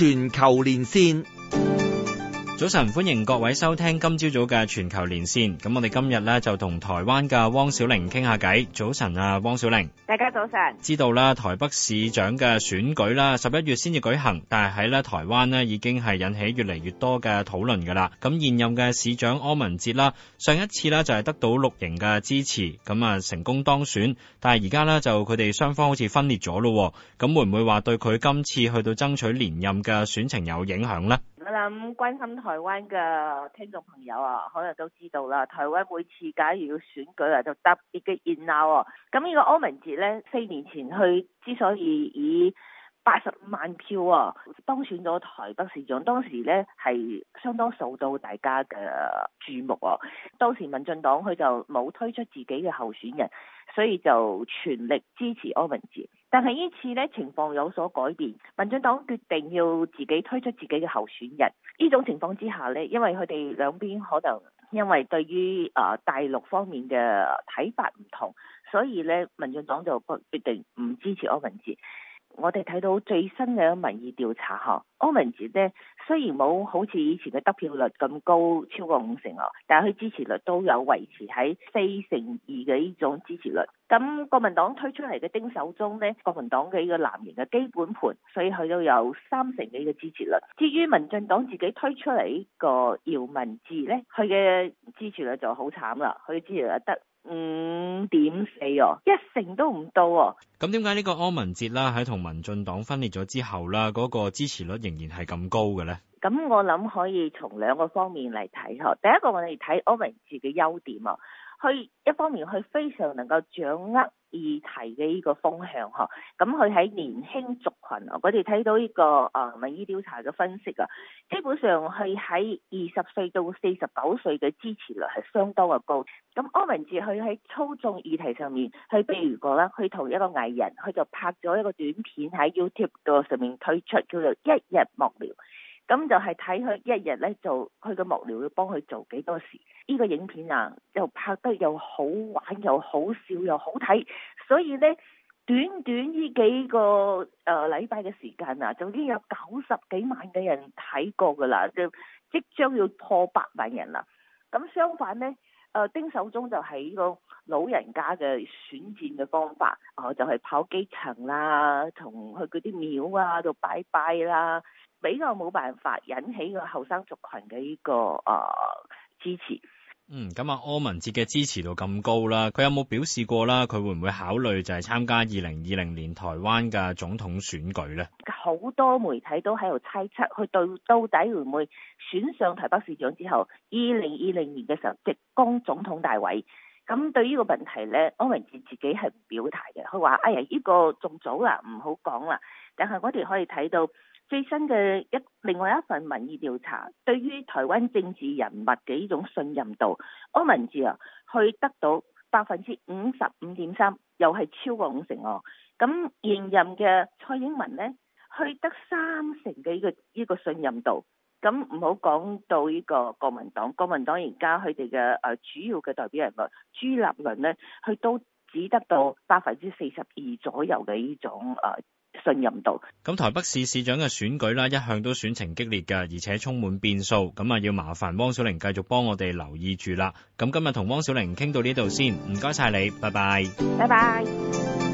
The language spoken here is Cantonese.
全球連線。早晨，歡迎各位收聽今朝早嘅全球連線。咁我哋今日咧就同台灣嘅汪小玲傾下偈。早晨啊，汪小玲，大家早晨。知道啦，台北市長嘅選舉啦，十一月先至舉行，但係喺咧台灣呢已經係引起越嚟越多嘅討論噶啦。咁現任嘅市長柯文哲啦，上一次呢就係得到綠營嘅支持，咁啊成功當選，但係而家呢，就佢哋雙方好似分裂咗咯。咁會唔會話對佢今次去到爭取連任嘅選情有影響呢？我諗關心台灣嘅聽眾朋友啊，可能都知道啦。台灣每次假如要選舉啊，就特別嘅熱鬧啊。咁呢個柯文哲咧，四年前佢之所以以八十五萬票當選咗台北市長，當時咧係相當受到大家嘅注目啊。當時民進黨佢就冇推出自己嘅候選人，所以就全力支持柯文哲。但係呢次咧情況有所改變，民進黨決定要自己推出自己嘅候選人。呢種情況之下呢，因為佢哋兩邊可能因為對於啊、呃、大陸方面嘅睇法唔同，所以咧民進黨就不決定唔支持柯文哲。我哋睇到最新嘅民意調查，嚇柯文哲咧雖然冇好似以前嘅得票率咁高，超過五成哦，但係佢支持率都有維持喺四成二嘅呢種支持率。咁國民黨推出嚟嘅丁守中咧，國民黨嘅呢個藍營嘅基本盤，所以佢都有三成幾嘅支持率。至於民進黨自己推出嚟呢個姚文智咧，佢嘅支持率就好慘啦，佢支持率得五點四喎，一成都唔到喎。咁點解呢個柯文哲啦喺同民進黨分裂咗之後啦，嗰個支持率仍然係咁高嘅咧？咁我諗可以從兩個方面嚟睇嚇。第一個我哋睇柯文哲嘅優點啊。佢一方面佢非常能夠掌握議題嘅呢個風向呵，咁佢喺年輕族群啊，我哋睇到呢個啊民意調查嘅分析啊，基本上佢喺二十歲到四十九歲嘅支持率係相當嘅高，咁柯文哲佢喺操縱議題上面，佢譬如講啦，佢同一個藝人佢就拍咗一個短片喺 YouTube 度上面推出，叫做一日幕僚。咁就係睇佢一日咧，就佢嘅幕僚要幫佢做幾多事。呢、這個影片啊，又拍得又好玩，又好笑，又好睇。所以咧，短短呢幾個誒禮拜嘅時間啊，已經有九十幾萬嘅人睇過㗎啦，就即將要破百萬人啦。咁相反咧。誒、呃、丁守中就喺個老人家嘅選戰嘅方法，哦、呃、就係、是、跑基層啦，同去嗰啲廟啊度拜拜啦，比較冇辦法引起個後生族群嘅呢個誒、呃、支持。嗯，咁啊，柯文哲嘅支持度咁高啦，佢有冇表示過啦？佢會唔會考慮就係參加二零二零年台灣嘅總統選舉咧？好多媒體都喺度猜測，佢到到底會唔會選上台北市長之後，二零二零年嘅時候直攻總統大位？咁對呢個問題呢，柯文哲自己係唔表態嘅，佢話：哎呀，呢個仲早啦，唔好講啦。但係我哋可以睇到。最新嘅一另外一份民意調查，對於台灣政治人物嘅呢種信任度，柯文哲啊，去得到百分之五十五點三，又係超過五成哦。咁現任嘅蔡英文呢，去得三成嘅呢個呢個信任度。咁唔好講到呢個國民黨，國民黨而家佢哋嘅誒主要嘅代表人物朱立倫呢，佢都只得到百分之四十二左右嘅呢種誒。啊信任度。咁台北市市長嘅選舉啦，一向都選情激烈嘅，而且充滿變數。咁啊，要麻煩汪小玲繼續幫我哋留意住啦。咁今日同汪小玲傾到呢度先，唔該晒你，拜拜。拜拜。